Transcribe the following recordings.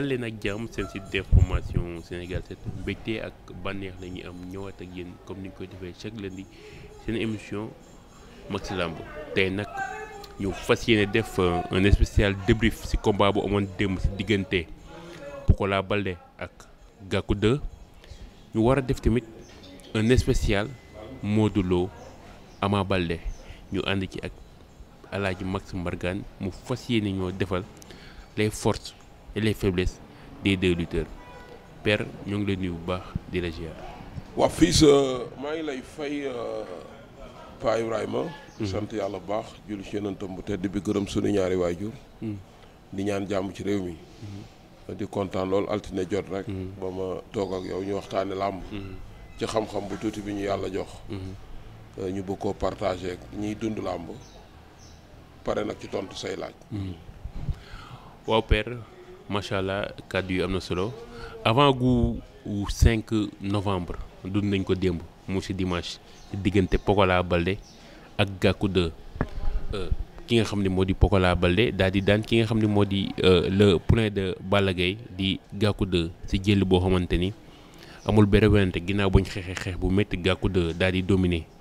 dal leen ak jàmm seen site d'information Sénégal 7 mbégte ak bànneex la ñuy am ñëwaat ak yéen comme ni ñu koy defee chaque lundi seen émission Maxi Lamb tey nag ñu fas yéene def euh, un spécial débrief ci combat bu amoon démb ci diggante Pokola Baldé ak Gakou 2 ñu war a def tamit un spécial Modou Lo Ama Baldé ñu ànd ci ak Alaaji Max Mbargane mu fas yéene ñoo defal les forces. et les faiblesses des deux lutteurs père ñu ngi leen nuyu bu baax di la ziar. waaw fii sa euh, maa ngi lay fay euh, Pa Ibrahima. Mm-hmm. sant yàlla bu baax julli ci yonentam bu tedd bi gërëm sunu ñaari waajur. Mm-hmm. di ñaan jàmm ci réew mi. Mm-hmm. di kontaan lool altine jot rek. ba ma toog ak yow ñu waxtaane làmb. ci xam-xam bu tuuti bi ñu yàlla jox. Euh, ñu bëgg koo partagé ñiy dund làmb pare nag ci tontu say laaj. waaw père. macha allah kàddu yi am na solo avant gu 5 novembre du nañ ko démb mu si dimanche diggante Pokola Balde ak Gakou 2 euh, ki nga xam ni moo di Pokola Balde daal di daan ki nga xam ne moo di euh, le poulain de Balla Gaye di Gakou 2 si jël boo xamante ni amul benn werante ginnaaw bu ñu xeexee xeex bu métti Gakou 2 daal di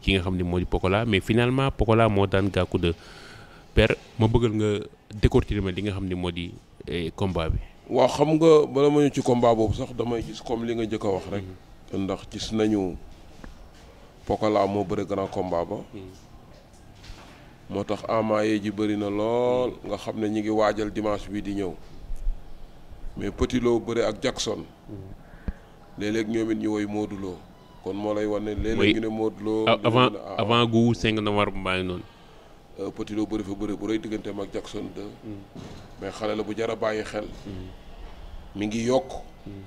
ki nga xam ne moo di Pokola mais finalement Pokola moo daan Gakou 2 père ma bëggal nga décortiquer ma li nga xam ni moo di. Eh, combat bi. waaw xam nga bala ma ñu ci combat boobu sax damay gis comme li nga njëkk wax rek. Mm-hmm. ndax gis nañu Pokola moo bëri grand combat ba. Mm-hmm. moo tax amaaye ji bëri na lool nga xam ne ñu ngi waajal dimanche bii di ñëw mais Petit bari ak Jackson. Mm-hmm. léeg-léeg ñoom ñu woy mooduloo kon moo lay wan ne léeg-léeg ñu ne Modou Lo. avant gu 5 novembre mbaa noonu. Euh, Petit Lo bëri fa bëri bu rëy digganteem ak Jackson 2. Mm. mais xale la bu jar a bàyyi xel. Mm. mi ngi yokk. Mm.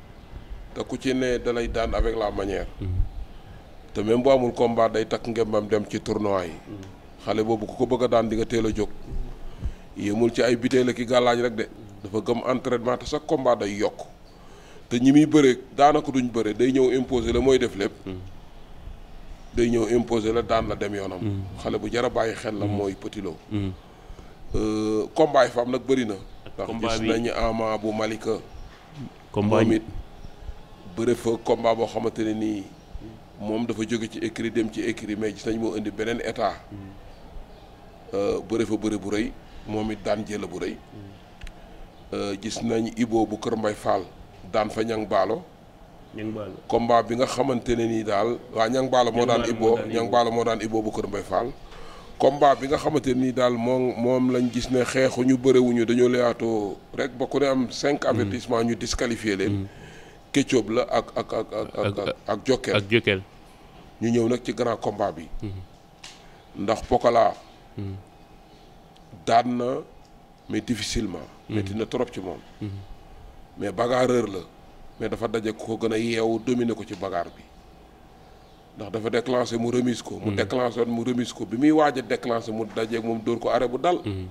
te ku ci ne dalay daan avec la manière. te même bu amul combat day takk ngembam dem ci tournoi yi. xale boobu ku ko bëgg a daan di nga teel a jóg. yemul ci ay butéel ak i gàllaaj rek de. dafa gëm entraînement te sa combat day yokk te ñi muy bëre daanaka duñ bëre day ñëw imposé la mooy def lépp. day ñëw imposer la daan la dem yoonam. Mm. xale bu jar a bàyyi xel la mm. mooy Petit Lo. Mm. Euh, combat yi fa am nag bëri na. ndax gis nañu Ama bu Malika. combat moom it bëre fa combat boo xamante ne nii moom dafa jóge ci écrit dem ci écrit mais gis nañ moo indi beneen état. Euh, bëre fa bëre bu rëy moom it daan jëla bu rëy. Euh, gis nañ Ibo bu Kër Mbay Fall daan fa ñang baalo. ñang baalo bi nga xamante ne nii daal waa ñang baalo moo daan iboo ñang baalo moo daan iboo bu kër Mbay Fall combat bi nga xamante ne nii daal moom moom lañ gis ne xeexu xeexuñu bëriwuñu dañoo leyaatoo rek ba ku ne am cinq mm. avertissement ñu disqualifié leen mm. Ketchup la ak ak ak ak ak Jokkel ñu ñëw nag ci grand combat bi mm-hmm. ndax Pokola mm-hmm. daan na mais difficilement métti mm-hmm. na trop ci moom mais bagarreur la mais dafa daje ko gën a yeewu dominer ko ci bagaar bi ndax dafa déclenché mu remise ko. mu mm. déclenché woon mu remise ko bi muy waaj a mu dajeeg moom dóor ko arrêt bu dal. Mm.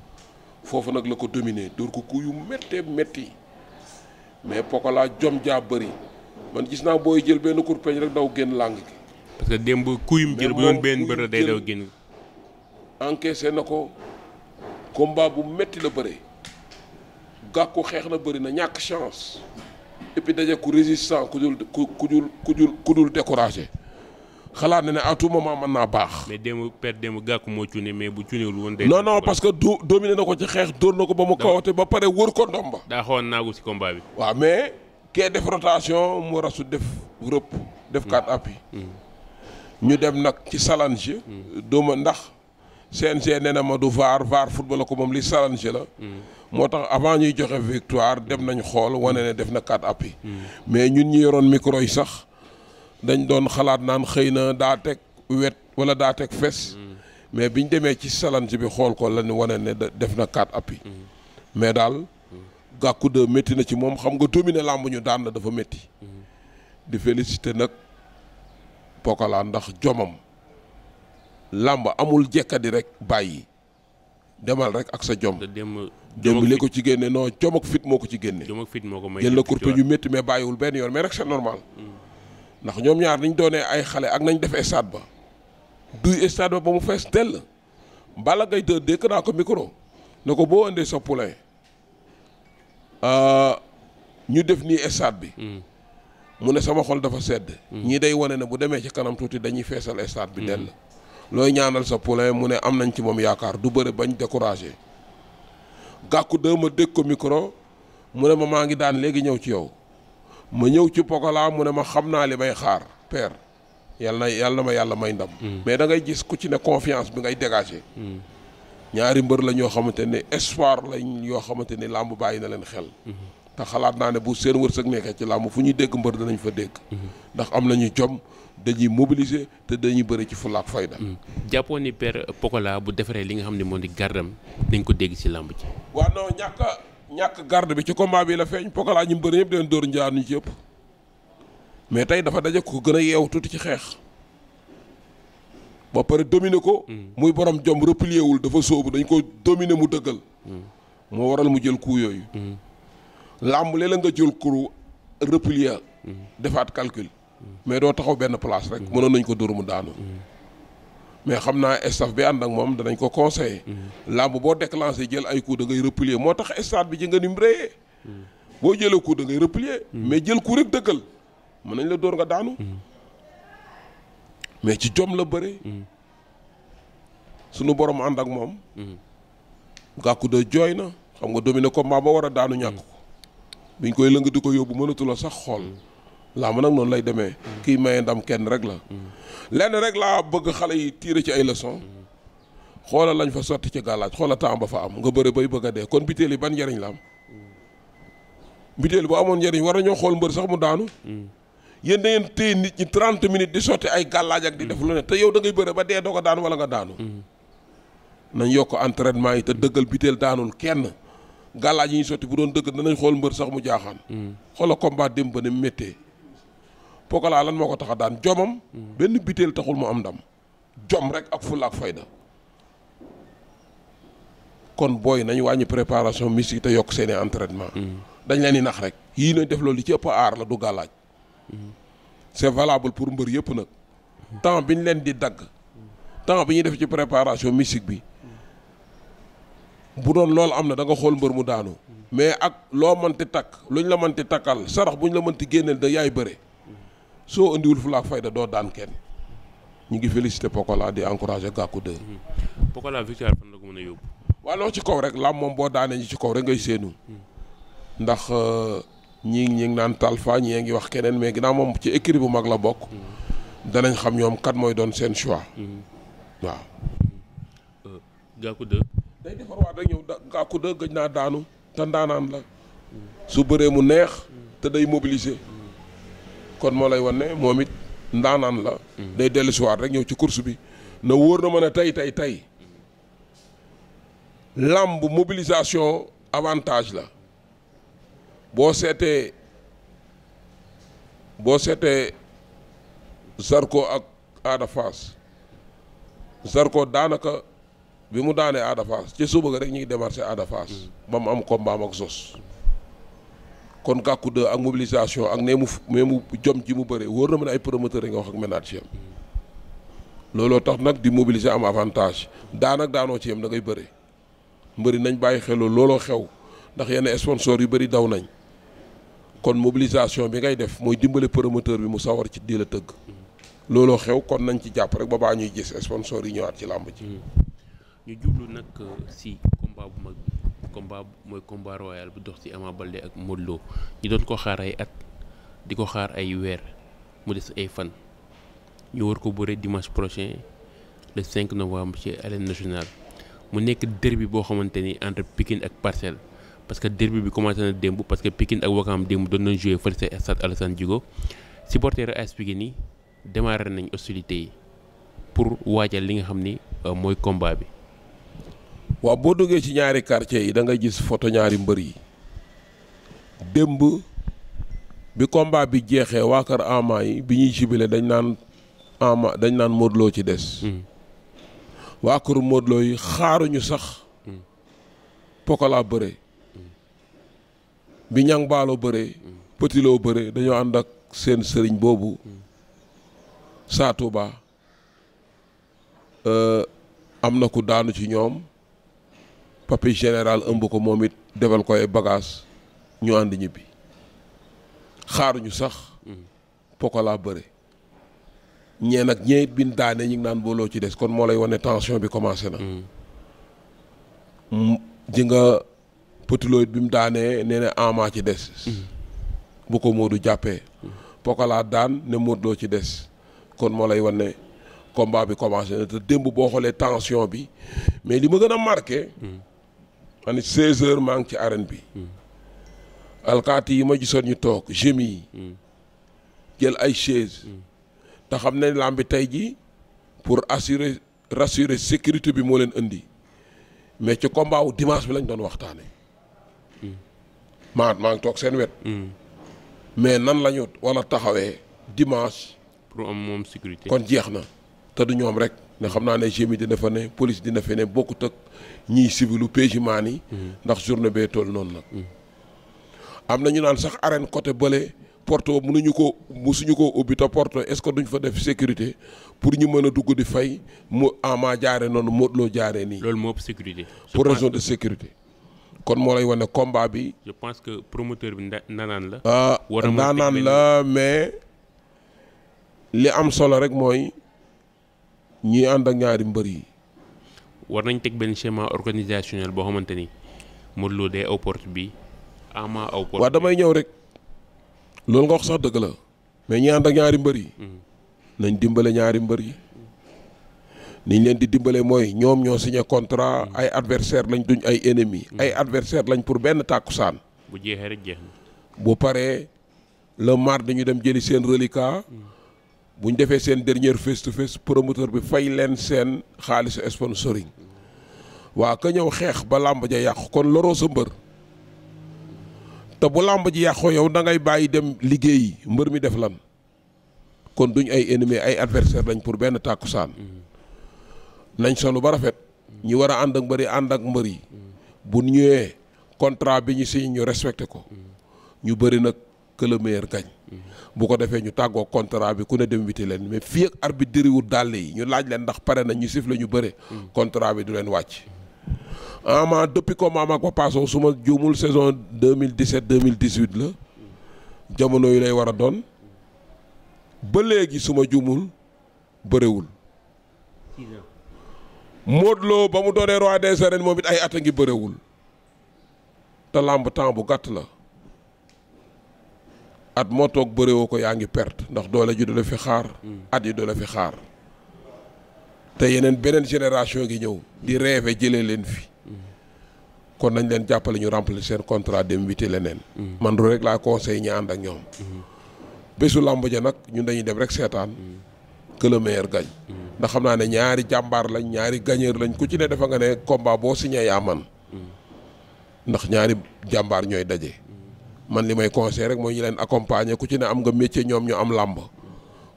foofu nag la ko dominer dóor ko ku yu méttee métti mais Pokola jom jaa bëri man gis naa booy jël benn kur peñ rek daw génn làng gi. parce que démb kuyum jël bu doon benn bër day daw génn. encaissé na ko combat bu metti la bëre gàkku xeex na bëri na ñàkk chance. et puis daje ku résistant ku dul ku ku ku dul ku dul découragé xalaat na ne à tout moment mën naa baax. mais démb perte démb gàkk moo cune mais bu cunewul woon. day non non parce que do na ko ci xeex dóor na ko ba mu kawate ba pare wër ko ndomba. daa xawoon naagu ci combat bi. waaw mais kee def rotation mu rasu def rëpp. def quatre appuis. Mm. ñu dem nag ci salange. Mm. dooma ndax. CNG nee na ma du vaar VAR football la ko moom li challenge la. Mm. moo tax avant ñuy joxe victoire dem nañ xool wane ne def na quatre appuis. Mm. mais ñun ñu yoroon micro yi sax dañ doon xalaat naan xëy na daa teg wet wala daa teg fes. Mm. mais biñ demee ci challenge bi xool ko la ñu wane ne def na quatre appuis. mais daal gàkku de métti na ci moom xam nga dominer làmb ñu daan na dafa métti. di féliciter nag Pokola ndax jomam. làmb amul jekkadi rek bàyyi demal rek ak sa jom. démb li ko ci génne non jom ak fit moo ko ci génne. jom ak fit moo ko may jël na kurpe ñu métti mais bàyyiwul benn yoon mais rek c'est normal. Mm. ndax ñoom ñaar niñ doonee ay xale ak nañ def stade ba. duy stade ba ba mu fees dell. bala Gaye 2 dégg naa ko micro ne ko boo andee sa poulain euh, ñu def nii stade bi. Mm. mu ne sama xol dafa sedd. Mm. ñii day wane ne bu demee ci kanam tuuti dañuy feesal stade bi dell. looy ñaanal sa poulain mu ne am nañ ci moom yaakaar du bëre bañ découragé gàkku de ma dégg ko micro mu ne ma maa ngi daan léegi ñëw ci yow ma ñëw ci pokola mu ne ma xam naa li may xaar per yàlla na yàlla na ma yàlla may ndam. Hmm. mais da ngay gis ku ci ne confiance bi ngay dégagé. Hmm. ñaari mbër la ñoo xamante ne espoir lañ yoo xamante ni làmb bàyyi na leen xel. Hmm. te xalaat naa ne bu seen wërsëg nekkee ci làmb fu ñuy dégg mbër danañ fa dégg. ndax am nañu jom. dañuy mobiliser te dañuy bëri ci fulla ak fayda. Hmm. jàppoon ni père Pokola bu defaree li nga xam ne moo di gardam dañ ko dégg ci làmb ci waaw non ñàkk ñàkk garde bi ci combat bi la feeñ Pokola ñu mu bëri yëpp dañ dóor njaar ñu yëpp mais tey dafa daje ko gën a yeew tuuti ci xeex. ba pare dominé ko. Hmm. muy borom jom replier wul dafa sóobu dañ ko dominer mu dëggal. Hmm. moo waral mu jël coup yooyu. làmb léeg la nga jël coup replier. defaat calcul. mais doo taxaw benn place rek mm-hmm. mënoon nañ ko dóor mu daanu mm-hmm. mais xam naa staff bi ànd ak moom danañ ko conseiller mm-hmm. làmb boo déclenché jël ay coup da ngay replier moo tax stade bi ji nga nim boo jëlee coup da ngay replier mais jël coup rek dëggal mën nañ la dóor nga daanu mais ci jom la bëre sunu borom ànd ak moom gàkku de jooy na xam nga dominer combat ba war a daanu ñàkk ko biñ koy lëng ko yóbbu mënatu sax xool laa man nag noonu lay demee mm. kii maye ndam kenn rek la mm. lenn rek laa bëgg xale yi tiire ci ay leçon mm. xoola lañ fa sotti ci gàllaaj xoola temps ba fa am nga bëre bay bëgg a dee kon biteel yi ban njariñ la am biteel bu amoon njariñ war nañoo xool mbër sax mu daanu yéen da ngeen nit ñi trente minutes di sotti ay gàllaaj def lu ne te yow da ngay bëre ba dee doo ko daanu wala nga daanu nañ yokk entraînement yi te dëggal biteel daanul kenn gàllaaj yi ñu sotti bu doon dëgg danañ xool mbër sax mu jaaxaan xoola combat démb ba ne méttee Pokola lan moo ko tax a daan jomam. benn biteel taxul mu am ndam. jom rek ak fulla ak fayda. kon booy nañu wàññi préparation musique te yokk seeni entraînement. dañ leen di nax rek yii nañ def loolu li ci ëpp aar la du gàllaaj c'est valable pour mbër yëpp nag. temps bi ñu leen di dagg. temps bi ñuy def ci préparation musique bi. bu doon loolu am na danga xool mbër mu daanu. mais ak loo mënti takk lu luñ la mënti takkal sarax buñ la mënti génneel da yaay bëre. soo indiwul fu laak fayda doo daan kenn ñu ngi félicité Pokola di encouragé Gakou 2. Pokola victoire fan la ko mën a yóbbu. waaw loo ci kaw rek lam moom boo daanee ñi ci kaw rek ngay séenu. ndax euh, ñii ñi ngi naan Talfa ñii ngi wax keneen mais ginnaaw moom ci écurie bu mag la bokk. danañ xam ñoom kat mooy doon seen choix. Mm-hmm. waaw. Euh, Gakou 2. day defarwaat gëj naa daanu te ndaanaan la. su bëree mu neex. te day mobiliser. kon moo lay wan ne moom it ndaanaan la. day dellu rek ñëw ci course bi na wóor na ma ne tey tey tey làmb mobilisation avantage la boo seetee boo seetee Zarko ak Ada Fass Zarko daanaka bi mu daanee Ada Fass ci suba ga rek ñu ngi démarché Ada Fass ba mu am combat ak Zos. kon Gakou 2 ak mobilisation ak nee mu nee mu jom ji mu bëre wóor na mën ne ay promoteur yi nga wax ak ménage looloo tax nag di mobiliser am avantage daan ak daanoo ci yam da ngay bëre mbëri nañ bàyyi xel looloo xew ndax yenn sponsor yu bëri daw nañ kon mobilisation bi ngay def mooy dimbale promoteur bi mu sawar ci di la tëgg looloo xew kon nañ ci jàpp rek ba baa ñuy gis sponsor yi ñëwaat ci làmb ji. Hmm. ñu jublu nag euh, si combat bu combat mooy combat royal bu dox ci Ama Baldé ak Modou Lo doon ko xaar ay at di ko xaar ay weer mu des ay fan ñu war ko bëre dimanche prochain le 5 novembre ci arène nationale mu nekk derby boo xamante ni entre Pikine ak parcelle parce que derby bi commencé na démb parce que Pikine ak Wakam démb doon nañ joué fële ca stade Alassane Djigo supporters AS Pikine yi démarré nañ hostilité yi pour waajal li nga xam ni euh, mooy combat bi. waaw boo duggee ci ñaari quartier yi da nga gis photo ñaari mbër yi démb bi combat bi jeexee waa kër Ama yi bi ñuy jibile dañ naan Ama dañ naan Modou Lo ci des. Hmm. waa kër Modou Lo yi xaaruñu sax. Hmm. pokola bëre. Hmm. bi ñang baalo bëre. Petit bëre dañoo ànd ak seen sëriñ boobu. Saa Touba euh, am na ku daanu ci ñoom. papi général ëmb ko moom it defal ko ay bagage ñu ànd ñibbi xaaruñu sax pokola bëre ñeen nag ñee it bin daane ngi naan booloo ci des kon moo lay wane tension bi commencé na mm. Mm, nga pëtiloo it bi mu daanee nee na Ama ci des mm. bu ko Modou jàppee pokola daan ne Modou Lo ci des kon moo lay wane combat bi commencé na te démb boo xoolee tension bi mais li ma gën a marqué xam ne maa ngi ci arène bi. Mm. alkaati yi ma gisoon ñu toog jëmi yi. Mm. jël ay chaise. Mm. te xam ne làmbi tey ji pour assurer rassurer sécurité bi moo leen indi mais ci combat wu bi lañ doon waxtaane maat maa ngi toog seen wet. mais nan la ñu war a taxawee dimanche. pour am moom sécurité kon jeex na te du ñoom rek. ne xam naa ne gémi dina fa ne police dina fa ne bokkut ak ñiy civilu pégiman yi mm-hmm. ndax journée bee toll noonu nag mm-hmm. am na ñu naan sax arène côté bële porte mënuñu ko musuñu ko ubbi te est-ce que duñ fa def sécurité pour ñu mën a dugg di fay mu ama ah, jaare noonu mootloo jaaree nii. loolu moo ëpp sécurité. pour raison de sécurité. kon moo lay wane combat bi. je pense que promoteur bi naanaan la. Ah, war naanaan la mais li am solo rek mooy ñuy ànd ak ñaari mbër yi. war nañ teg benn schéma organisationnel boo xamante ni Modou Lo day aw porte bi Ama aw porte. damay ñëw rek loolu nga wax sax dëgg la mais ñi ànd ak ñaari mbër yi. Mm-hmm. nañ dimbale ñaari mbër yi. niñ leen di dimbale mooy ñoom ñoo signé contrat mm-hmm. ay adversaire lañ duñ ay ennemis. Mm-hmm. ay adversaire lañ pour benn tàkku saan bu jeexee rek jeex na. bu paree le mardi ñu dem jëli seen reliquat. bu ñu defee seen dernier face to face promoteur bi fay leen seen xaalisu sponsoring waa ka ñëw xeex ba làmb ja yàqu kon loroo sa mbër te bu làmb ji yàqoo yow da ngay bàyyi dem liggéeyi mbër mi def lan kon duñ ay ennemi ay adversaire lañ pour benn tàkkusaan nañ solo ba rafet ñi war a ànd ak mbëri ànd ak mbër yi bu ñëwee contrat bi ñu si ñu respecté ko ñu bëri nag que le bu ko defee ñu tàggoo contrat bi ku ne dem witi leen mais fii ak arbitre diriwul dàll yi ñu laaj leen ndax pare na ñu sif la ñu bëre contrat bi du leen wàcc ama ah, depuis ko maam ak Papa Sow su ma juumul saison 2017 2018 la jamono yu lay war a doon ba léegi su ma juumul bëriwul Modou Lo ba mu doonee roi des arènes moom it ay at a ngi bëriwul te làmb temps bu gàtt la at moo toog bëréwoo ko yaa ngi perte ndax doole ji du la fi xaar mm. at yi du fi xaar te yeneen beneen génération gi ñëw di rêve jëlee leen fi mm. kon nañ leen jàppale ñu remplir seen contrat dem witi leneen mm. man du rek laa conseil ñu ànd ak ñoom bésu làmb ja nag ñun dañuy dem rek seetaan que le ndax xam naa ne ñaari jàmbaar lañ ñaari gagneur lañ ku ci ne dafa nga ne combat boo signé yaa man ndax ñaari jàmbaar ñooy daje man li may conseil rek mooy ñu leen accompagner ku ci ne am nga métier ñoom ñu am làmb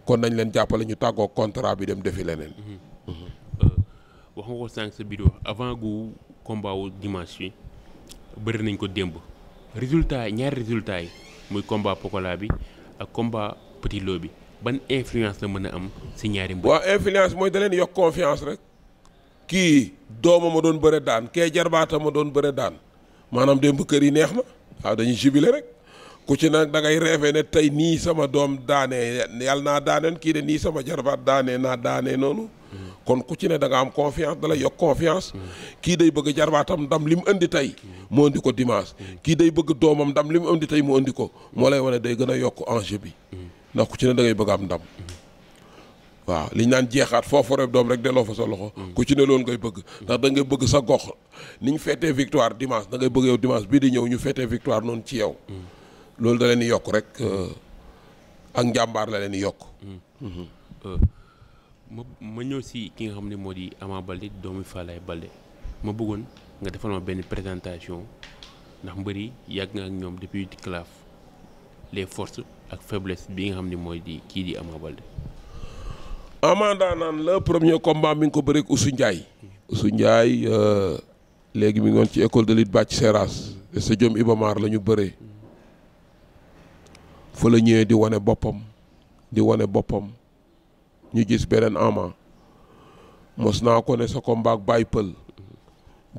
kon nañ leen jàppale ñu tàggoo contrat bi dem defi leneen. Euh, wax nga ko sànq sa vidéo avant gu combat wu dimanche bi bëri nañ ko démb résultat yi ñaari résultat yi muy combat Pokola bi ak combat Petit Lo bi ban influence la mën a am si ñaari mbir. waaw influence mooy da yokk confiance rek. kii doomam a doon bëre daan kee jarbaata ma doon bëre daan maanaam démb kër yi neex na. waaw dañuy jubilé rek ku ci nag da ngay reefee ne tey nii sama doom daane yàlla naa daaneen kii de nii sama jarbaat daanee naa daanee noonu kon ku ci ne da am confiance da yokk confiance kii day bëgg jarbaatam ndam li mu indi tey mu indi ko dimanche kii day bëgg doomam ndam li mu indi tey mu indi ko moo lay wane day gën a yokk enjeu bi ndax ku ci ne da ngay bëgg am ndam waaw liñ naan jeexaat foofu rek doom rek delloo fa sa loxo. Mm. ku ci ne loolu ngay bëgg. Mm. ndax da ngay bëgg sa gox ni ñu feetee victoire dimanche da ngay bëgg yow dimanche bii di ñëw ñu feetee victoire noonu ci yow. Mm. loolu da leen yokk rek euh, ak njàmbaar la leen di yokk. Euh, ma ñëw si ki nga xam ni moo di Ama Baldé doomu Falaye Baldé ma bëggoon nga defal ma benn présentation ndax mbëri yàgg nga ak ñoom depuis di claf les force ak faiblesse bi nga xam ni mooy di kii di Ama Baldé. Amanda naan la premier combat mi ngi ko bëreeg Oussou Ndiaye usu Ndiaye euh, léegi mi ngi ci école de lutte bàcc Seras sa jom Ibamar la ñu bëree fa la ñëwee di wane boppam di wane boppam ñu gis beneen ama mos naa ko ne sa combat ak Pël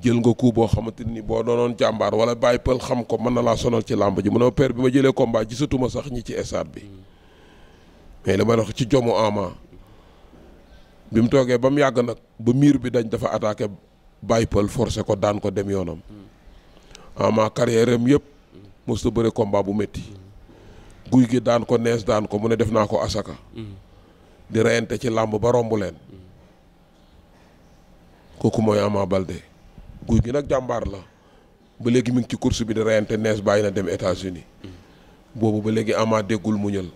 jël nga coup boo xamante ni boo doonoon jàmbaar wala Baye Pël xam ko mën na laa sonal ci làmb ji mu ne père bi ma jëlee combat gisatuma sax ñi ci estade bi mais ma wax ci jomu ama bi mu toogee ba mu yàgg nag ba miir bi dañ dafa attaqué bàyyi pël forcé ko daan ko dem yoonam ama ah, carrière am yëpp mosta bëre combat bu metti guy gi daan ko nees daan ko mu ne def naa ko asaka di reyante ci làmb ba romb kooku mooy Ama Baldé guy gi nag jàmbaar la ba léegi mi ngi ci course bi di reyante nees bàyyi na dem États-Unis boobu ba léegi Ama déggul muñal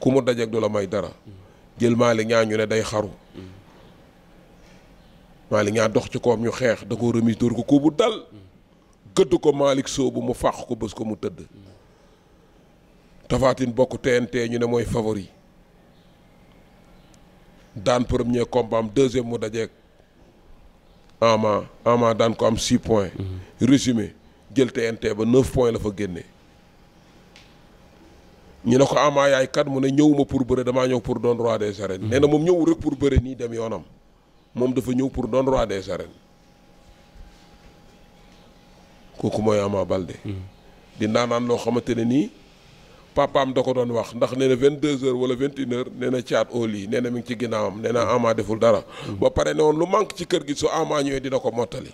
ku mu dajeek du la may dara jël Malick Niang ñu ne day xaru Malick Niang dox ci koom ñu xeex da ko remise dóor ko ko dal gëdd ko Malick soobu mu fàq ko bés ko mu tëdd Tapha bokk TNT ñu ne mooy favori daan premier combat am deuxième mu dajeeg Ama Ama daan ko am six points mhm. résumé jël TNT ba neuf points la fa génne ñu ne ko Ama yaay kat mu ne ñëwuma pour bëre damaa ñëw pour doon roi des arènes. Mhm. nee na moom ñëwul rek pour bëre nii dem yoonam moom dafa ñëw pour doon roi des arènes kooku mooy Ama Baldé. Mhm. di ndaanaan loo xamante ne nii papaam da ko doon wax ndax nee na vingt deux heures wala vingt une heures nee na au lii nee na mi ci ginnaawam nee na mhm. Ama deful dara. ba pare ne woon lu manque ci kër gi su Ama ñëwee dina ko mottali.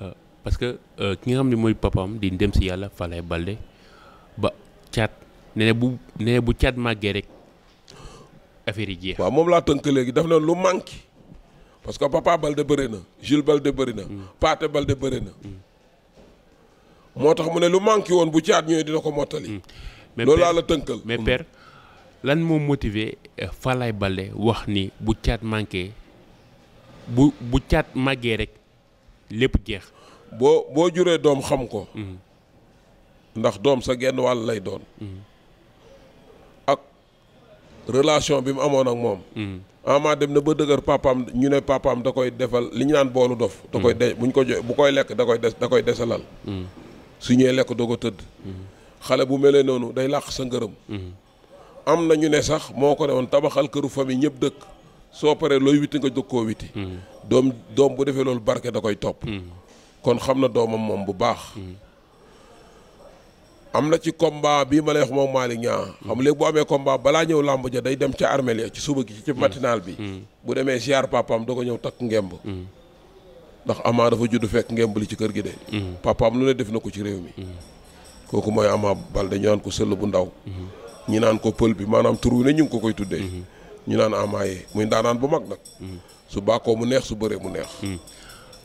Euh, parce que euh, ki nga xam ne mooy papaam di dem si yàlla Falaye Baldé ba ne bu ne bu caat màggee rek affaire yi jeex. waaw moom laa tënk léegi daf na lu manqué parce que Papa Balde bëri na Jules Balde na. Mm. Paate Balde bëri na. Mm. moo tax mu ne lu manqué woon bu caat ñooy dina ko mottali. Mm. mais loolu laa la tënkal mais lan moom motivé euh, Falaye Balde wax ni bu caat manqué bu bu caat màggee rek lépp jeex. boo boo juree doom xam ko. ndax doom sa genn wàll lay doon. relation bi mu amoon ak moom. Mm. ama dem na ba dëgër papaam ñu ne papaam da koy defal li ñu naan boolu dof. da koy bu mm. buñ ko jo bu koy lekk da koy des da koy desalal. Mm. su ñee lekk doo ko tëdd. xale bu melee noonu day làq sa ngërëm. am na ñu ne sax moo ko ne woon tabaxal këru famille ñëpp dëkk soo paree looy witti nga jóg koo witti. doom doom bu defee loolu barke da koy topp. kon xam na doomam moom bu baax. am na ci combat bii ma lay wax moom Malick Niang mm. xam léegi bu amee combat balaa ñëw làmb ja day dem ca armel ya ci suba gi ci mm. matinal bi mm. bu demee ziar papaam doo ko ñëw takk ngemb ndax Ama dafa juddu fekk ngemb li ci kër gi de papaam lu ne def na ko ci réew mi kooku mooy Ama Baldé ñu naan ko sëll bu ndaw mm-hmm. ñi naan ko pël bi maanaam tur wi ne ñu ngi ko koy tuddee mm-hmm. ñu naan Ama yee muy ndaanaan bu mag nag su baakoo mu neex su bëree mu neex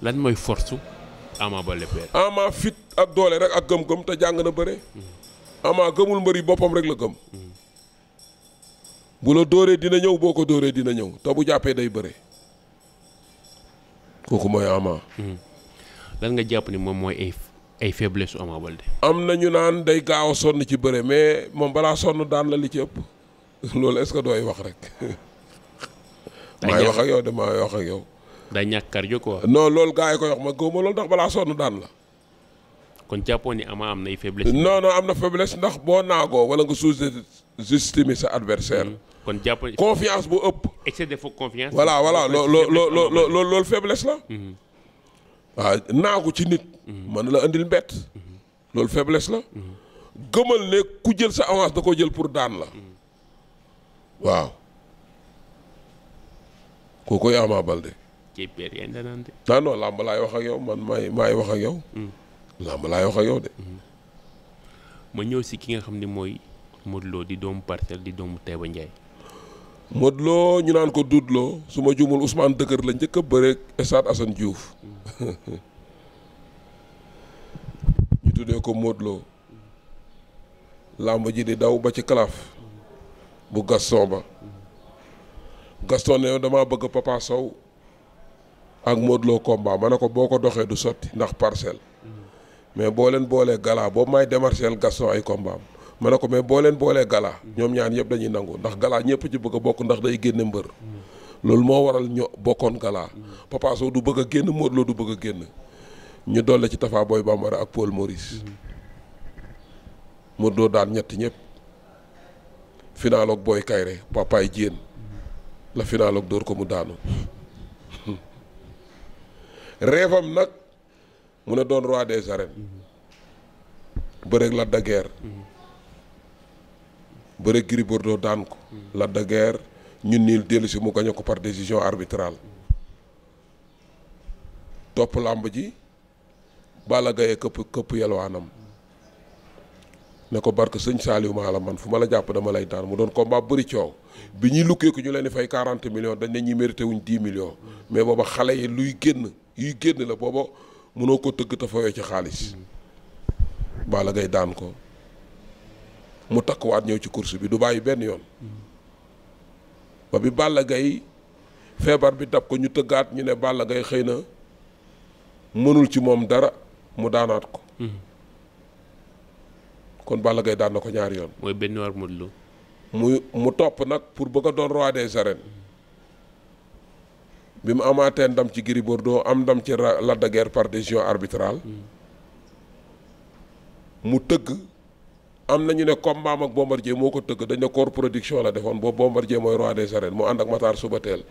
lan mooy force Ama Baldé père. Ama fit ak doole rek ak gëm-gëm te jàng na bëre. Ama gëmul mbëri boppam rek la gëm. bu la dóoree dina ñëw boo ko dóoree dina ñëw te bu jàppee day bëre kooku mooy Ama. Hmm. lan nga jàpp ni moom mooy ay ay faiblesse Ama Baldé. am na ñu naan day gaaw a sonn ci bëre mais moom balaa sonn daan la li ci ëpp loolu est-ce que wax rek. maay wax ak yow de maay wax ak yow. day ñàkk cardio quoi. non loolu gars yi koy wax ma góob ndax balaa sonn daan la. kon jàppoon ni Ama am nay faiblesse. non non am na faiblesse ndax boo naagoo wala nga sous-estimer sa adversaire mm-hmm. kon jàpp confiance bu ëpp. excès de faux confiance. loolu faiblesse la. Mm-hmm. waaw naagu ci nit. Mm-hmm. mën la andil mbett. loolu faiblesse la. gëmal ne ku jël sa avance da ko jël pour daan la. waaw kooku Ama Baldé. KPR yaa ngi daan de. non non làmb laay wax ak yow man maay maay wax ak yow. Mm. làmb laay wax a yow de. Mm. ma ñëw si ki nga xam ni mooy Modou di doomu Parcelles di doomu Taïba Ndiaye. Modou Lo ñu naan ko Doudou Lo su ma juumul Ousmane Dëkkër la njëkk a bëreeg Stade Assane Diouf. Mm. ñu tuddee ko Modou làmb ji di daw ba ci kalaaf. bu Gaston ba. Gaston ne damaa bëgg Papa Sow. ak Modou Lo combat ma ne ko boo ko doxee du sotti ndax parcelle. mais boo leen boolee galaa boobu may démarchel Gaston ay combat am ma ne ko mais boo leen boolee galaa ñoom ñaan yëpp dañuy nangu ndax galaa ñëpp ci bëgg a bokk ndax day génne mbër. loolu moo waral ñu bokkoon galaa Papa Sow du bëgg a génn Modou du bëgg a génn. ñu dolle ci Tafa Boy Bambara ak Paul Maurice. Modou Lo daan ñett ñëpp. final ak Boy Kayre Papaay Diène. la final ak dóor ko mu daanu. reefam nag mu ne doon roi des arènes bëreeg Lac de Guiers bëreeg Gris Bordeaux daan ko Lac de ñun nii dellu si mu gañe ko par décision arbitral topp làmb ji Balla Gaye këpp këpp yelwaanam ne ko barke sëñ Saliou maa la man fu ma la jàpp dama lay daan mu doon combat bëri coow bi ñuy lukkee ko ñu leen di fay 40 millions dañ ne ñi mérité wuñ 10 millions mais booba xale yi luy génn yuy génn la booba mënoo koo tëgg te ci xaalis Balla Gaye daan ko mu takkuwaat ñëw ci kurs bi du bàyyi benn yoon ba bi Balla Gaye feebar bi dab ko ñu tëggaat ñu ne Balla Gaye xëy na mënul ci moom dara mu daanaat ko hmm. kon Balla Gaye daan na ko ñaari yoon mooy benn war mu mu topp nag pour bëgg a doon roi des arènes bi mu amaatee ndam ci Gris Bordeaux am ndam ci Lac de Guiers par décision arbitrale mu tëgg am nañu ne combat am ak Bombardier moo ko tëgg dañ ne corps production la defoon boobu Bombardier mooy roi des arènes moo ànd ak Matar Subateel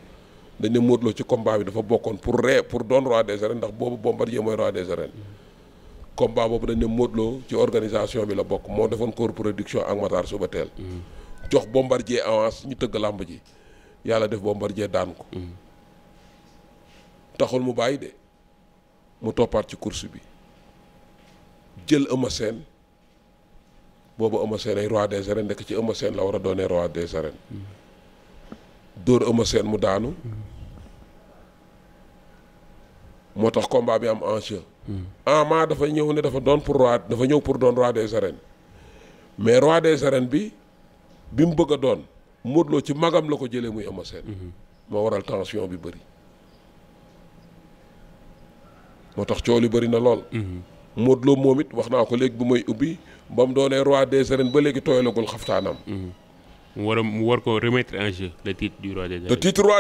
dañ ne Modou Lô ci combat bi dafa bokkoon pour ree pour doon roi des arènes ndax boobu Bombardier mooy roi des arènes combat boobu dañ ne Modou ci organisation bi la bokk moo defoon corps production ak Matar Subateel mm. jox Bombardier avance ñu tëgg làmb ji yàlla def Bombardier daan ko mm. taxul mu bàyyi de mu toppaat ci course bi jël Eumeu Sène boobu Eumeu Sène ay roi des arènes nekk ci Eumeu Sène la war a doonee roi des arènes dóor Eumeu Sène mu daanu moo tax combat bi am enjeu Ama dafa ñëw ne dafa doon pour roi dafa ñëw pour doon roi des arènes mais roi des arènes bi bi mu bëgg a doon Modou Lo ci magam la ko jëlee muy Eumeu Sène moo waral tension bi bëri moo tax coow li bëri na lool. Mm-hmm. Modou Lo moom it wax naa ko léegi bu muy ubbi ba mu doonee roi des arènes ba léegi tooyalagul xaftaanam. Mm-hmm. mu war a mu war ko remettre en jeu le titre du roi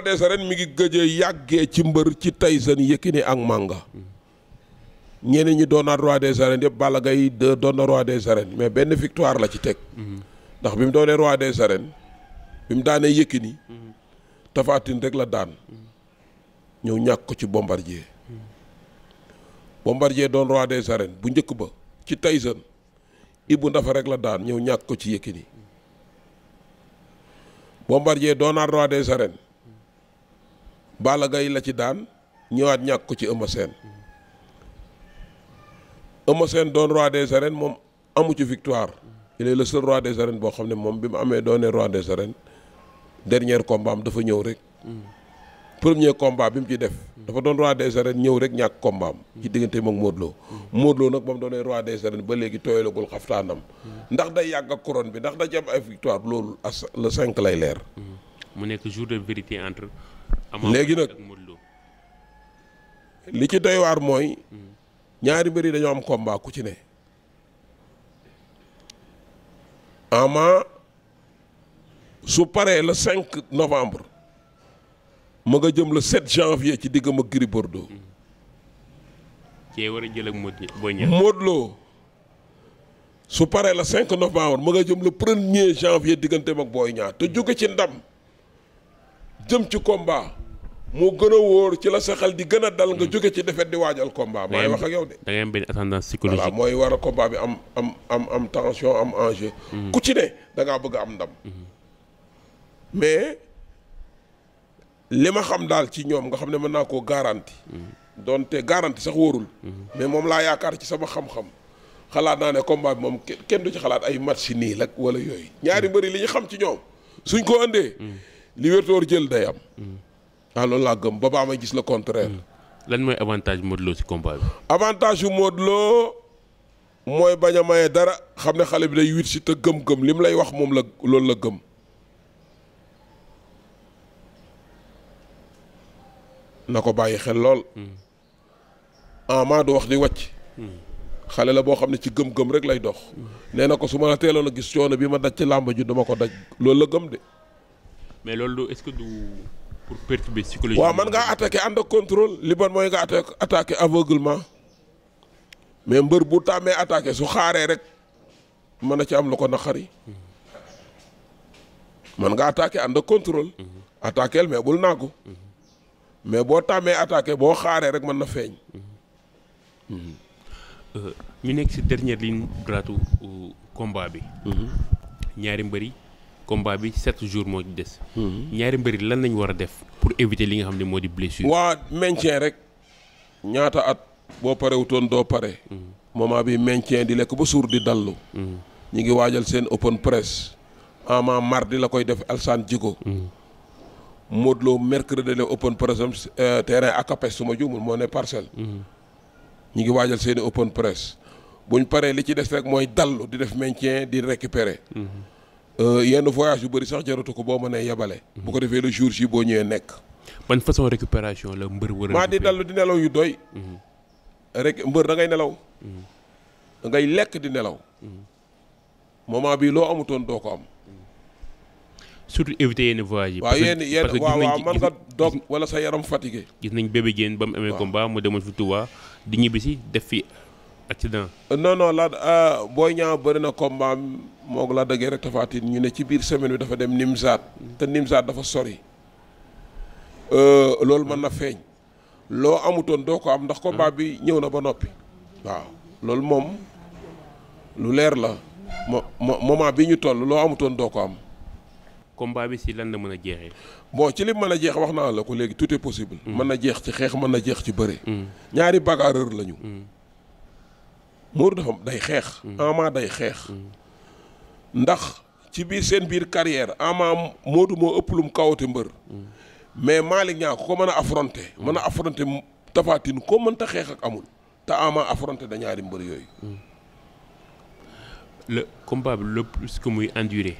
des arènes. le mi ngi gëj yàggee ci mbër ci Tyson Yékini ak Manga. Mm-hmm. ñeneen ñi doonaat roi des arènes yëpp Balla Gaye de doon na roi des arènes mais benn victoire la ci teg. ndax bi mu doonee roi des arènes bi mu daanee Yékini. Tapha Tine rek la daan. ñëw ñàkk ko ci Bombardier. Bombardier doon roi des arènes bu njëkk ba ci Tyson Ibou Ndafa rek la daan ñëw ñàkk ko ci Yékini Bombardier doonaat roi des arènes Balla Gaye la ci daan ñëwaat ñàkk ko ci Eumeu Sène Eumeu Sène doon roi des arènes moom amu ci victoire il est le seul roi des arènes boo xam ne moom bi mu amee doonee roi des arènes dernier combat am dafa ñëw rek premier combat bi mu ci def. dafa doon roi des arènes ñëw rek ñàkk combat am. ci diggante moom Modou Lo. Modou Lo nag ba mu doonee roi des arènes ba léegi tooyalagul xaftaanam. ndax day yàgg ak couronne bi ndax da ci am ay victoire loolu as le cinq lay leer. mu nekk jour de vérité entre. léegi nag li ci doy waar mooy. ñaari mbir dañoo am combat ku ci ne. Ama su paree le 5 novembre. ma nga jëm le 7 janvier ci diggam ak Gris Bordeaux. cee war a jël ak Modou su paree la 5 novembre ma nga jëm le premier janvier digganteem ak booy ñaar te jóge ci ndam jëm ci combat moo gën a wóor ci la sa xel di gën a dal nga mm. jóge ci defet di waajal combat. maay wax ak yow de da ngay am mooy war a combat bi am am am am tension am enjeu. Mm. ku ci ne da ngaa bëgg am ndam. Mm. mais. li ma xam daal ci ñoom nga xam ne mën naa koo garanti. donte garanti sax warul mais moom laa yaakaar ci sama xam-xam. xalaat naa ne combat bi moom kenn du ci xalaat ay match nii lag wala yooyu. ñaari mbëri li ñu xam ci ñoom. suñ ko andee. li wértoor jël day am. ah loolu laa gëm ba baa may gis le contraire. lan mooy avantage Modou Lo ci combat bi. avantage yu Modou Lo mooy bañ a maye dara xam ne xale bi day wit si te gëm-gëm mu lay wax moom la loolu la gëm. na ko bàyyi xel lool. ama du wax di wàcc. xale la boo xam ne ci gëm-gëm rek lay dox. nee na ko su ma la teeloon a gis coono bi ma daj ci làmb ji dama ko daj loolu la gëm de. mais loolu est-ce que du pour perturber psychologiquement. waaw man ngaa attaqué ànd ak contrôle li bon mooy nga attaqué attaqué aveuglement mais mbër bu tàmmee attaqué su xaaree rek mën na ci am lu ko naqari. man nga attaqué ànd ak contrôle. Mm-hmm. attaqué mais bul naagu. Mm-hmm. mais boo tàmmee attaqué boo xaaree rek mën na feeñ. Euh, ñu nekk ci dernière ligne droite combat bi. Mm-hmm. ñaari mbëri combat bi sept jours moo ci des. Mm-hmm. ñaari mbëri lan lañ war a def pour éviter li nga xam ne moo di blessure. waa maintien rek ñaata at boo parewutoon doo pare. Mm-hmm. moment bi maintien di lekk ba suur di dallu. ñu ngi waajal seen open press ama di la koy def Alsaan jiko Modou Lo mercredi la open press am euh, terrain ACAPES su ma juumul moo ne parcelle. Mhm. ñu ngi waajal seeni open press. buñ paree li ci des rek mooy dallu di def maintien di récupérer. Mhm. Euh, yenn voyage yu bëri sax jaratu ko boo mënee yebale. Mhm. bu ko defee le jour boo ñëwee nekk. ban façon récupération la mbër wër maa di dallu di nelaw yu doy. rek mbër da ngay nelaw. da ngay lekk di nelaw. moment bii loo amutoon doo ko am. surtout éviter yenn voyage yi. waaw que waaw waaw man nga doog wala sa yaram fatigué. gis nañ bébé Diène ba mu amee combat mu demoon fi Touba di ñibbisi def fi accident. Euh, non non la euh, booy ñaaw bëri na combat moog la dëggee rek tafaatin ñu ne ci biir semaine bi dafa dem Nimzaat te Nimzaat dafa sori euh, loolu mën na feeñ loo amutoon doo ko am ndax combat bi ñëw na ba noppi waaw loolu moom lu leer la mo moment bi ñu toll loo amutoon doo ko am. combat bi si lan na mën a jeexee. bon ci li mën a jeex wax naa la ko léegi tout est possible. Mm. mën na jeex ci xeex mën na jeex ci bëre. Mm. ñaari bagarreur lañu. Mm. Modou dafa day xeex. Ama day xeex. ndax ci biir seen biir carrière Ama Modou moo ëpp lum kawate mbër. mais Malick Niang ko mën a affronter. mën a affronter Tapha Tine ko mënta xeex ak amul te Ama affronter da ñaari mbër yooyu. le combat bi le plus que muy endurer.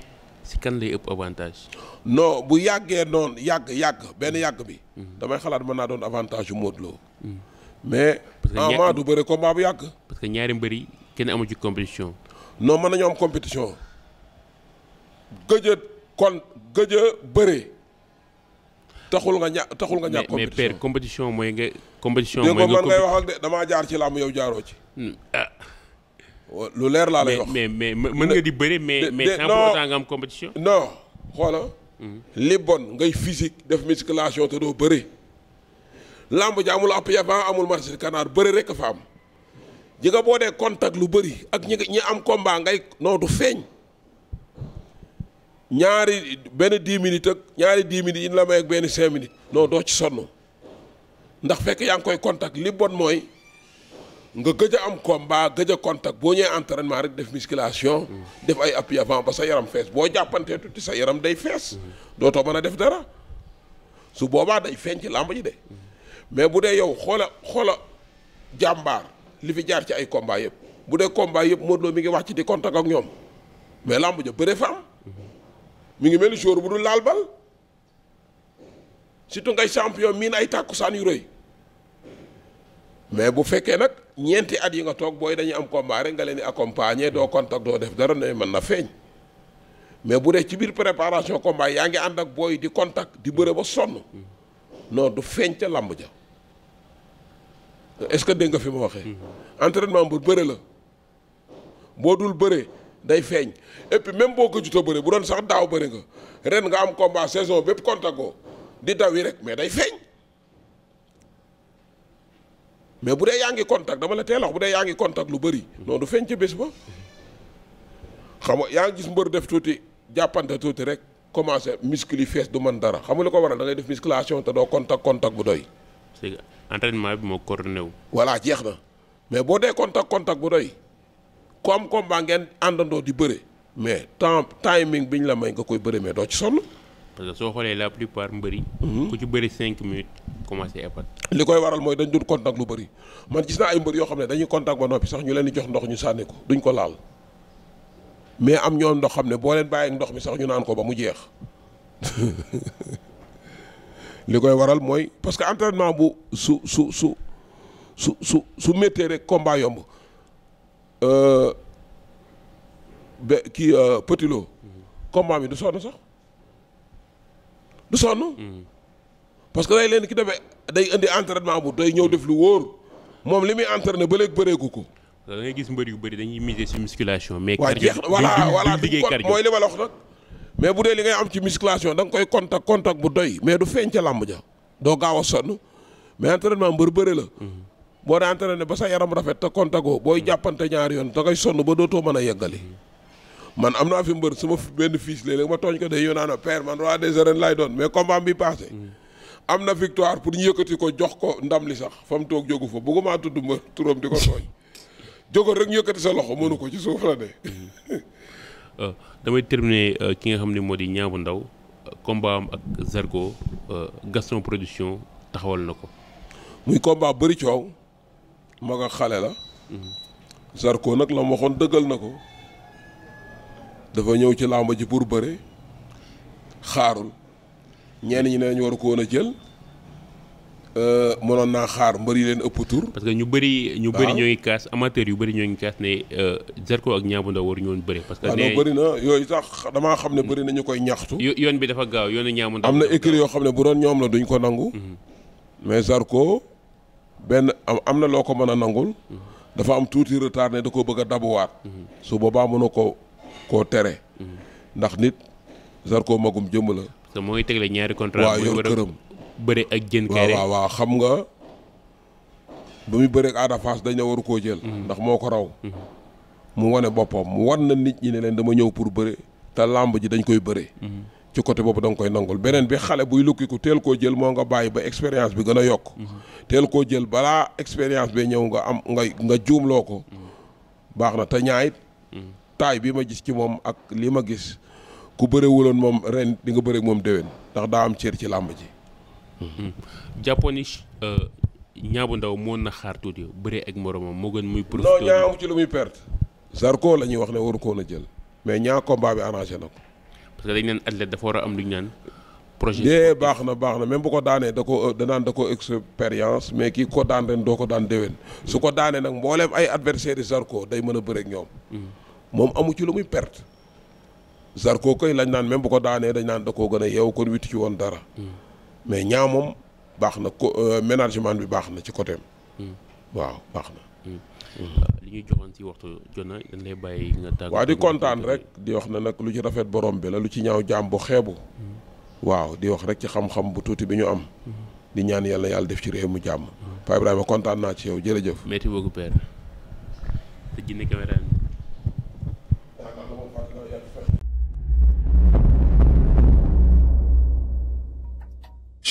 si kan lay ëpp avantage. non bu yàggee noonu yàgg yàgg benn yàgg bi. damay xalaat mën naa doon avantage yu Modou Lo. mais Ama du bëre combat bu yàgg. parce que ñaari mbër yi kenn amu ci compétition. non mën nañoo am compétition gëj a kon gëj a bëre. taxul nga ña taxul nga ñàkk compétition mais mais père compétition mooy nga. compétition mooy nga dégg man ngay wax ak de damaa jaar ci làmb yow jaaroo ci. Hmm, ah, lu leer laa lay wax mais mais mën nga di bëre mais mais sans am compétition. non xoola li ngay physique def musculation te doo bëre. lamb ji amul app yavant rek fa am ji nga boo dee contact lu bëri ak ñi ñi am combat ngay non du feeñ. ñaari benn dix minutes ak ñaari dix minutes in la may ak benn cinq minutes non doo ci sonn ndax fekk yaa ngi koy contact li mooy. nga gëj a am combat gëj a contact boo ñëwee entraînement rek def musculation. def ay appui avant ba sa yaram fees boo jàppantee tuuti sa yaram day fees. dootoo mën a def dara su boobaa day feeñ ci làmb ji de mais bu dee yow xoola xoola jàmbaar li fi jaar ci ay combat yëpp bu dee combat yëpp Modou Lo mi ngi wàcc di contact ak ñoom mais làmb ja bëre fa am mu ngi mel ni jour bu dul laal bal surtout ngay champion miin ay tàkkusaan yu rëy mais bu fekkee nag. ñeenti at yi nga toog booy dañuy am combat rek nga leen di accompagner doo contact doo def dara ne mën na feeñ mais bu dee ci biir préparation combat yaa ngi ànd ak booy di contact di bëre ba sonn non du feeñ ca làmb ja est-ce que dégg nga fi ma waxee. Mm-hmm. entraînement bu bëre la boo dul bëre day feeñ et puis même boo ko jutoo bëre bu doon sax daaw bëre nga ren nga am combat saison bépp contact di daw rek mais day feeñ. mais bu dee yaa ngi contact dama la teel wax bu dee yaa ngi contact lu bëri. non du feeñ ca bés ba. xam nga yaa ngi gis mbër def tuuti jàppante tuuti rek commencé muscle yi fees du mën dara xam nga lu ko waral da ngay def musculation te doo contact contact bu doy. c'est entraînement bi moo coordonné wu. voilà jeex na mais boo dee contact contact bu doy ku am combat ngeen àndandoo di bëre mais temps timing bi ñu la may nga koy bëre mais doo ci sonn. parce que soo xoolee la plupart mbëri. Mhm. ku ci bëri cinq minutes commencé épat. li koy waral mooy dañ doon contact lu bëri man gis naa ay mbër yoo xam ne dañuy contact ba noppi sax ñu leen di jox ndox ñu sànni ko duñ ko laal mais am ñoom ndox xam ne boo leen bàyyi ndox mi sax ñu naan ko ba mu jeex li koy waral mooy parce que entraînement bu su su su su su su méttee rek combat yomb euh, ba kii euh, mhm. combat bi du sonn sax. du sonn. parce que day leen ki demee day indi entraînement bu doy ñëw def lu wóor moom li muy entraîné ba léegi bëreegu ko. da ngay gis mbër yu bëri dañuy miser sur musculation. mais cardio du liggéey cardio mooy li ma la nag. mais bu dee li ngay am ci musculation da nga koy contact contact bu doy mais du feeñ ca làmb ja doo gaaw a sonn mais entraînement mbër bëre la. boo dee entraîné ba sa yaram rafet te contact booy jàppante ñaari yoon da ngay sonn ba dootoo mën a yeggali. man am naa fi mbër su ma benn fiche léeg-léeg ma tooñ ko de yow naan père man roi des arènes laay doon mais combat bi passé mm. am na victoire pour ñu yëkkati ko jox ko ndam li sax fa toog jógu fa bëgguma tudd ma turam di ko tooñ jógal rek ñu yëkkati sa loxo mënu ko ci suuf la de. Euh, damay terminer euh, ki nga xam ni moo di ñaabu ndaw combat am ak Zarko euh, Gaston production taxawal na ko. muy combat bëri coow mag ak xale la. Mm-hmm. Zarko nag la ma waxoon dëggal na ko. dafa ñëw ci làmb ji pour bëri xaarul ñenn ñi ne ñu waru ko woon a jël euh, mënoon naa xaar mbër yi leen ëpp tur. parce que ñu bëri ñu bëri ñoo ngi kaas amateur yu bëri ñoo ngi kaas ne euh, Zarko ak Niang bu Ndaw waruñu woon bëri parce que nee na yooyu sax damaa xam ne bëri na ñu koy ñaxtu. yoon bi dafa gaaw yoonu Niang Ndaw. am na écrit yoo xam ne bu doon ñoom la duñ ko nangu. Mhm. mais Zarko benn am am na loo ko mën a nangul. Mhm. dafa am tuuti retard ne da koo bëgg a dabuwaat. Mhm. su boobaa ko. koo tere. ndax nit Zarko magum jëmm la. parce que mooy tegle ñaari contrat. waaw yor këram bëre ak jën kay rek waaw waaw xam nga. ba muy bëreeg Ada Fass dañ ne waru koo jël. Mm-hmm. ndax moo ko raw. Mm-hmm. mu wane boppam mu wan na nit ñi ne leen dama ñëw pour bëre te làmb ji dañ koy bëre. Mm-hmm. ci côté boobu da nga koy nangul beneen bi xale buy lukki ku teel koo jël moo nga bàyyi ba expérience bi gën a yokk. teel koo jël balaa expérience bi ñëw nga am nga nga juumloo ko. baax na te ñaayit taay bii ma gis ci moom ak lii ma gis ku bëriwuloon moom ren di nga bëri moom déwén ndax daa am cër ci làmb ji. Mhm. jàppoon ni euh, ñaabu ndaw moon na xaar tuuti bëree ak moromam moo gën muy. profité non ñaa amu ci lu muy perte. Zarko la ñuy wax ne waru ko a jël mais ñaa combat bi arrangé na ko. parce que dañ naan athlète dafa war a am lu ñu naan. projet de baax na baax na même bu ko daanee da ko euh, danaan da ko expérience mais ki ko daan ren doo ko daan déwén. su ko daanee nag mbooleem ay adversaires yi day mën a bëreeg ñoom. Mhm. moom amu ci lu muy perte Zarko lañ naan même bu ko daanee dañ naan da koo gën a yeewu kon witti ci woon dara. mais ñaa moom baax na ko euh, ménagement bi baax na ci côté waaw baax na. li ñuy waxtu jonna dañ lay bàyyi nga tàgg di kontaan rek di wax na nag lu ci rafet boroom bi la lu ci ñaaw jaam bu xeebu. waaw di wax rek ci xam-xam bu tuuti bi ñu am. di ñaan yàlla yàlla def ci réew mu jàmm. Paa Ibrahima kontaan naa ci yow jërëjëf. météo gu